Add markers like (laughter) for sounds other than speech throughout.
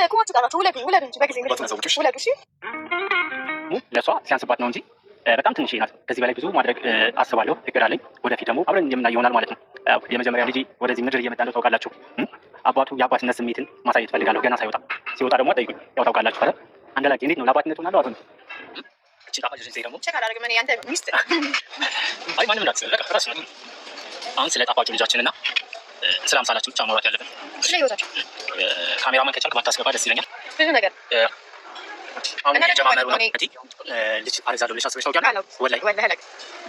እናንተ ቁማችሁ ጋር ናቸው። ውለዱ ውለዱ እንጂ በጊዜ ውለዱ። እሺ ለእሷ ሲያንስባት ነው እንጂ በጣም ትንሽ ናት። ከዚህ በላይ ብዙ ማድረግ አስባለሁ፣ እቅድ አለኝ። ወደፊት ደግሞ አብረን የምናየው ይሆናል ማለት ነው። የመጀመሪያ ልጅ ወደዚህ ምድር እየመጣ ነው ታውቃላችሁ። አባቱ የአባትነት ስሜትን ማሳየት ፈልጋለሁ ገና ሳይወጣ። ሲወጣ ደግሞ ጠይቁኝ፣ ያው ታውቃላችሁ። አረ አንደላቂ እንዴት ነው ለአባትነት ሆናለሁ አቶ አሁን ስለ ጣፋጩ ልጃችንና ስለ አምሳላችን ብቻ ማውራት ያለብን ስለ ህይወታቸው ካሜራማን ከቻልክ ባታስገባ ደስ ይለኛል። ብዙ ነገር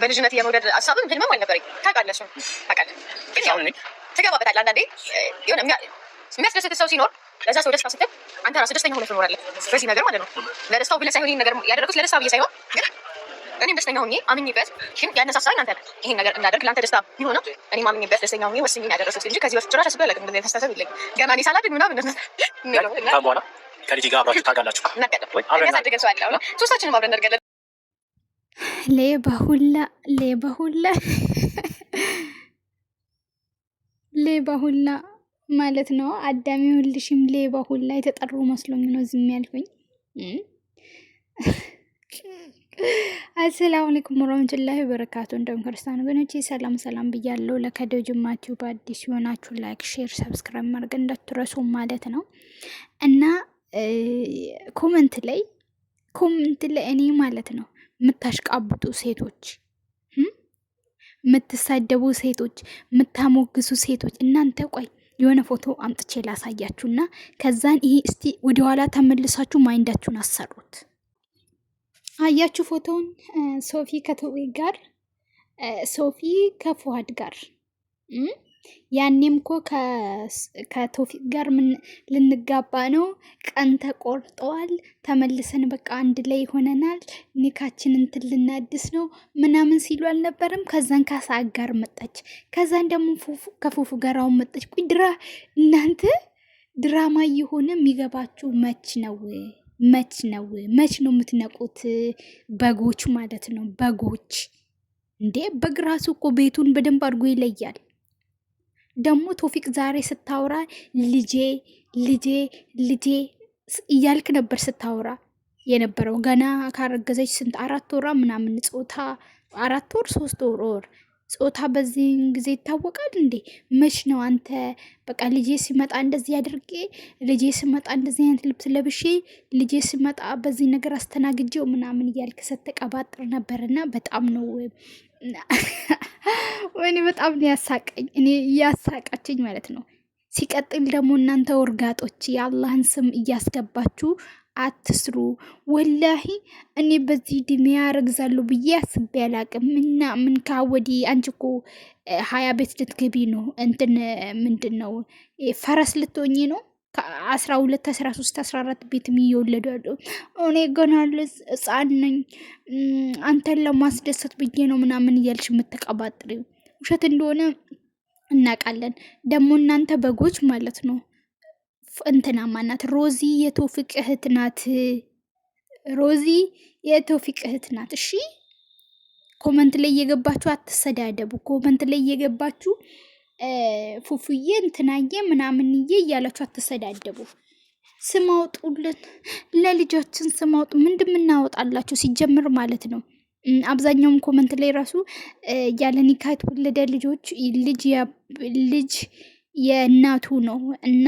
በልጅነት የመውደድ ሀሳብም ህልምም አልነበረኝ። ታውቃለሽ ታውቃለህ። ግን ያው ትገባበታለህ። አንዳንዴ የሆነ የሚያስደስት ሰው ሲኖር ለዛ ሰው ደስታ ስትል አንተ ራስህ ደስተኛ ሆነህ ትኖራለህ። በዚህ ነገር ማለት ነው። ለደስታው ብለህ ሳይሆን ይህን ነገር ያደረጉት ለደስታ ብዬ ሳይሆን ግን እኔም ደስተኛ ሆኜ አምኜበት ግን ያነሳሳኝ አንተ ነህ። ይሄን ነገር እንዳደርግ ለአንተ ደስታ ቢሆነው እኔም አምኜበት ደስተኛ ሆኜ ወስኜ ያደረሱት እንጂ ከዚህ በፊት ጭራሽ አስቤ አላውቅም። እንደዚህ ተሳሰብ ይለኝ ገና እኔ ሳላድግ ምናምን ከልጅ ጋር አብራችሁ ታጋላችሁ። ሶስታችንም አብረን ሌባ ሁላ ሌባ ሁላ ሌባ ሁላ ማለት ነው። አዳሚ ሁልሽም ሌባ ሁላ የተጠሩ መስሎኝ ነው ዝም ያልኩኝ። አሰላሙ አለይኩም ወራህመቱላሂ ወበረካቱ። እንደም ክርስቲያን ወገኖቼ ሰላም ሰላም ብያለሁ። ለከደው ጅማችሁ በአዲስ የሆናችሁ ላይክ፣ ሼር፣ ሰብስክራይብ ማድረግ እንዳትረሱ ማለት ነው እና ኮመንት ላይ ኮመንት ላይ እኔ ማለት ነው የምታሽቃብጡ ሴቶች፣ የምትሳደቡ ሴቶች፣ የምታሞግሱ ሴቶች እናንተ ቆይ የሆነ ፎቶ አምጥቼ ላሳያችሁና ከዛን ይሄ እስቲ ወደኋላ ተመልሳችሁ ማይንዳችሁን አሰሩት። አያችሁ ፎቶውን ሶፊ ከቶቢ ጋር ሶፊ ከፉሃድ ጋር ያኔም እኮ ከቶፊቅ ጋር ልንጋባ ነው፣ ቀን ተቆርጠዋል፣ ተመልሰን በቃ አንድ ላይ ይሆነናል፣ ኒካችን እንትን ልናድስ ነው ምናምን ሲሉ አልነበረም? ከዛን ከሰዓት ጋር መጣች፣ ከዛን ደግሞ ከፉፉ ጋር አሁን መጣች። ቆይ ድራ እናንተ ድራማ እየሆነ የሚገባችሁ መች ነው? መች ነው መች ነው የምትነቁት? በጎች ማለት ነው በጎች እንዴ! በግ ራሱ እኮ ቤቱን በደንብ አድርጎ ይለያል። ደግሞ ቶፊቅ ዛሬ ስታወራ ልጄ ልጄ ልጄ እያልክ ነበር ስታወራ የነበረው ገና ካረገዘች ስንት አራት ወራ ምናምን ጾታ አራት ወር ሶስት ወር ወር ጾታ በዚህን ጊዜ ይታወቃል እንዴ? መች ነው አንተ በቃ ልጄ ሲመጣ እንደዚህ አድርጌ፣ ልጄ ሲመጣ እንደዚህ አይነት ልብስ ለብሼ፣ ልጄ ሲመጣ በዚህ ነገር አስተናግጀው ምናምን እያልክ ስትቀባጥር ነበር እና በጣም ነው ወይኔ (laughs) በጣም ነው ያሳቀኝ። እኔ እያሳቃችኝ ማለት ነው። ሲቀጥል ደግሞ እናንተ ውርጋጦች የአላህን ስም እያስገባችሁ አትስሩ። ወላሂ እኔ በዚህ ድሜ ያረግዛሉ ብዬ አስቤ አላቅም። ምና ምን ካወዲ አንቺ እኮ ሀያ ቤት ልትገቢ ነው። እንትን ምንድን ነው ፈረስ ልትሆኚ ነው። ከአስራ ሁለት አስራ ሶስት አስራ አራት ቤት የሚወለዱ ያሉ እኔ ገና ሕፃን ነኝ አንተን ለማስደሰት ብዬ ነው ምናምን እያልሽ የምትቀባጥሪው ውሸት እንደሆነ እናውቃለን። ደግሞ እናንተ በጎች ማለት ነው እንትናማ ማናት? ሮዚ የቶፊቅ እህት ናት። ሮዚ የቶፊቅ እህት ናት። እሺ ኮመንት ላይ እየገባችሁ አትሰዳደቡ። ኮመንት ላይ እየገባችሁ ፉፉዬ እንትናዬ ምናምንዬ እያላችሁ አትሰዳደቡ። ስም አውጡልን፣ ለልጃችን ስም አውጡ። ምንድን ምናወጣላችሁ ሲጀምር ማለት ነው። አብዛኛውም ኮመንት ላይ ራሱ ያለ ኒካ የተወለደ ልጆች ልጅ ልጅ የእናቱ ነው እና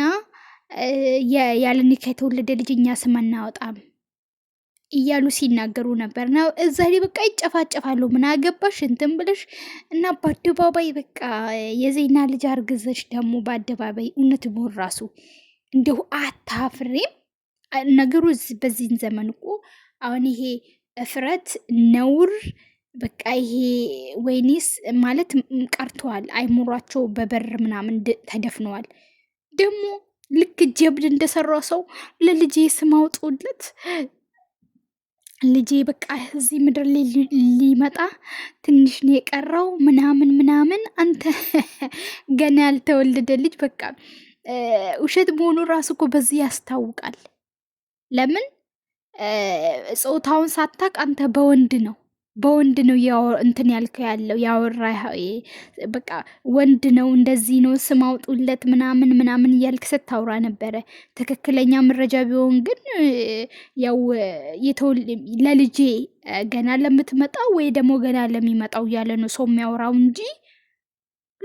ያለኒካ የተወለደ ልጅ እኛ ስም አናወጣም እያሉ ሲናገሩ ነበር። ና እዛ ላይ በቃ ይጨፋጨፋሉ። ምን አገባሽ እንትን ብለሽ እና በአደባባይ በቃ የዜና ልጅ አርግዘሽ ደግሞ በአደባባይ እውነት ቢሆን ራሱ እንዲሁ አታፍሬም? ነገሩ በዚህን ዘመን እኮ አሁን ይሄ እፍረት ነውር በቃ ይሄ ወይኒስ ማለት ቀርተዋል። አይሙሯቸው በበር ምናምን ተደፍነዋል ደግሞ ልክ ጀብድ እንደሰራ ሰው ለልጄ ስም አውጡለት። ልጄ በቃ እዚህ ምድር ሊመጣ ትንሽ ነው የቀረው ምናምን ምናምን። አንተ (laughs) ገና ያልተወለደ ልጅ በቃ ውሸት መሆኑ ራሱ እኮ በዚህ ያስታውቃል። ለምን ጾታውን ሳታቅ አንተ በወንድ ነው በወንድ ነው እንትን ያልከው ያለው ያወራ በቃ ወንድ ነው እንደዚህ ነው ስም አውጡለት ምናምን ምናምን እያልክ ስታውራ ነበረ። ትክክለኛ መረጃ ቢሆን ግን ያው ለልጄ ገና ለምትመጣው ወይ ደግሞ ገና ለሚመጣው እያለ ነው ሰው የሚያወራው እንጂ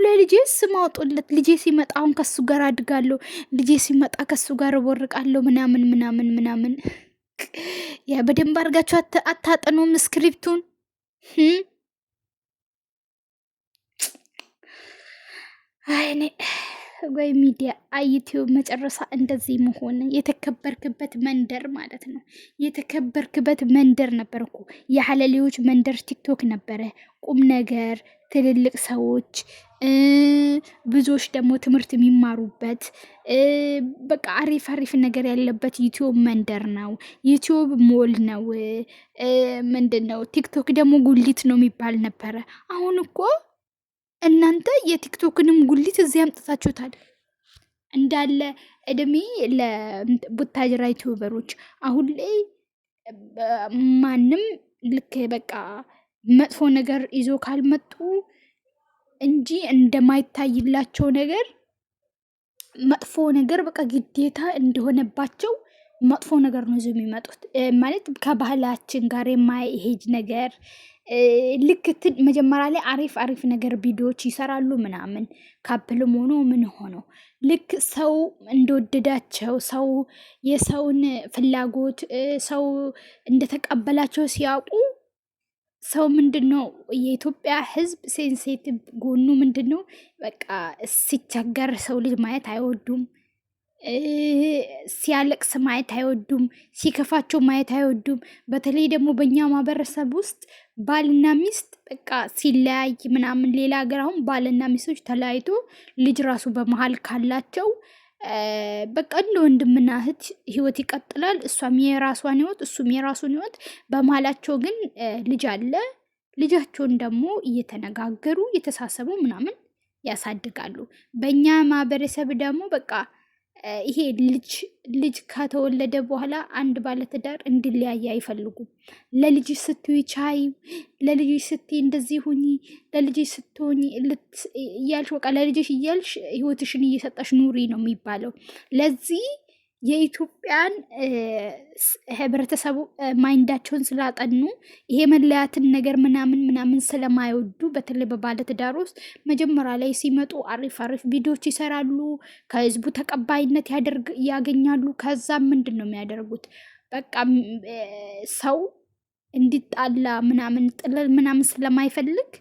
ለልጄ ስም አውጡለት፣ ልጄ ሲመጣ አሁን ከሱ ጋር አድጋለሁ፣ ልጄ ሲመጣ ከሱ ጋር እቦርቃለሁ ምናምን ምናምን ምናምን በደንብ አድርጋችሁ አታጠኑም ስክሪፕቱን። አይኔ ወይ ሚዲያ አይቲው መጨረሻ እንደዚህ መሆን የተከበርክበት መንደር ማለት ነው። የተከበርክበት መንደር ነበር እኮ የሀለሌዎች መንደር ቲክቶክ ነበረ። ቁም ነገር ትልልቅ ሰዎች ብዙዎች ደግሞ ትምህርት የሚማሩበት በቃ አሪፍ አሪፍ ነገር ያለበት ዩቲዩብ መንደር ነው። ዩቲዩብ ሞል ነው። ምንድን ነው ቲክቶክ ደግሞ ጉሊት ነው የሚባል ነበረ። አሁን እኮ እናንተ የቲክቶክንም ጉሊት እዚ አምጥታችሁታል። እንዳለ እድሜ ለቡታጅራ ዩቲዩበሮች አሁን ላይ ማንም ልክ በቃ መጥፎ ነገር ይዞ ካልመጡ እንጂ እንደማይታይላቸው ነገር መጥፎ ነገር በቃ ግዴታ እንደሆነባቸው መጥፎ ነገር ነው ይዘው የሚመጡት። ማለት ከባህላችን ጋር የማይሄድ ነገር ልክ መጀመሪያ ላይ አሪፍ አሪፍ ነገር ቪዲዮዎች ይሰራሉ ምናምን ካፕልም ሆኖ ምን ሆኖ ልክ ሰው እንደወደዳቸው ሰው የሰውን ፍላጎት ሰው እንደተቀበላቸው ሲያውቁ ሰው ምንድን ነው የኢትዮጵያ ህዝብ ሴንሴቲቭ ጎኑ ምንድን ነው? በቃ ሲቸገር ሰው ልጅ ማየት አይወዱም። ሲያለቅስ ማየት አይወዱም። ሲከፋቸው ማየት አይወዱም። በተለይ ደግሞ በእኛ ማህበረሰብ ውስጥ ባልና ሚስት በቃ ሲለያይ ምናምን፣ ሌላ ሀገር አሁን ባልና ሚስቶች ተለያይቶ ልጅ ራሱ በመሀል ካላቸው በቃ እንደ ወንድምና እህት ህይወት ይቀጥላል። እሷም የራሷን ህይወት እሱም የራሱን ህይወት። በመሀላቸው ግን ልጅ አለ። ልጃቸውን ደግሞ እየተነጋገሩ እየተሳሰቡ ምናምን ያሳድጋሉ። በእኛ ማህበረሰብ ደግሞ በቃ ይሄ ልጅ ልጅ ከተወለደ በኋላ አንድ ባለትዳር እንዲለያየ አይፈልጉም። ለልጅ ስትይ ቻይ፣ ለልጅ ስትይ እንደዚህ ሁኚ፣ ለልጅ ስትሆኝ እያልሽ በቃ ለልጅሽ እያልሽ ህይወትሽን እየሰጠሽ ኑሪ ነው የሚባለው ለዚህ የኢትዮጵያን ህብረተሰቡ ማይንዳቸውን ስላጠኑ ይሄ መለያትን ነገር ምናምን ምናምን ስለማይወዱ በተለይ በባለትዳር ውስጥ መጀመሪያ ላይ ሲመጡ አሪፍ አሪፍ ቪዲዮዎች ይሰራሉ። ከህዝቡ ተቀባይነት ያገኛሉ። ከዛ ምንድን ነው የሚያደርጉት? በቃ ሰው እንዲጣላ ምናምን ጥልል ምናምን ስለማይፈልግ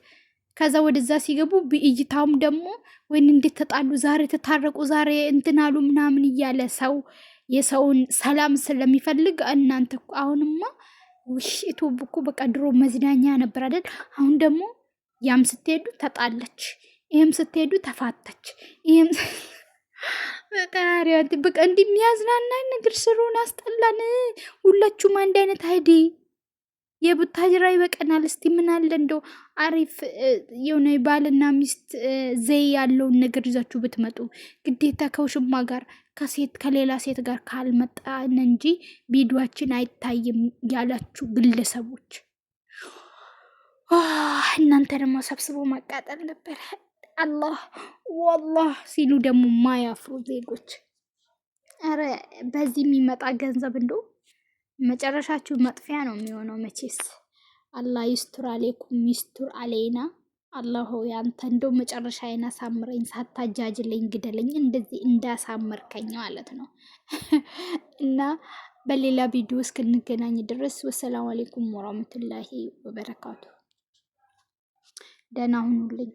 ከዛ ወደዛ ሲገቡ ብእይታውም ደግሞ ወይን እንዴት ተጣሉ፣ ዛሬ ተታረቁ፣ ዛሬ እንትን አሉ ምናምን እያለ ሰው የሰውን ሰላም ስለሚፈልግ እናንተ አሁንማ ውሽቱ እኮ በቃ ድሮ መዝናኛ ነበር አይደል? አሁን ደግሞ ያም ስትሄዱ ተጣለች፣ ይህም ስትሄዱ ተፋታች፣ ይህም (laughs) በቃ እንዲህ የሚያዝናና ነገር ስሩን አስጠላን። ሁላችሁም አንድ አይነት አይዴ የቡታጅራ ይበቀናል። እስቲ ምን አለ እንደው አሪፍ የሆነ ባልና ሚስት ዘይ ያለውን ነገር ይዛችሁ ብትመጡ። ግዴታ ከውሽማ ጋር ከሴት ከሌላ ሴት ጋር ካልመጣን እንጂ ቪዲዮችን አይታይም ያላችሁ ግለሰቦች እናንተ ደግሞ ሰብስቦ ማቃጠል ነበር። አላህ ወላህ ሲሉ ደግሞ ማያፍሩ ዜጎች። ኧረ በዚህ የሚመጣ ገንዘብ እንደው መጨረሻችሁ መጥፊያ ነው የሚሆነው። መቼስ አላህ ይስቱር አሌኩም ይስቱር አሌና። አላህ ያንተ አንተ መጨረሻ መጨረሻዬን አሳምረኝ፣ ሳታጃጅለኝ ግደለኝ፣ እንደዚህ እንዳሳመርከኝ ማለት ነው። (laughs) እና በሌላ ቪዲዮ እስክንገናኝ ድረስ ወሰላም አሌኩም ወራህመቱላሂ ወበረካቱ። ደህና ሁኑልኝ።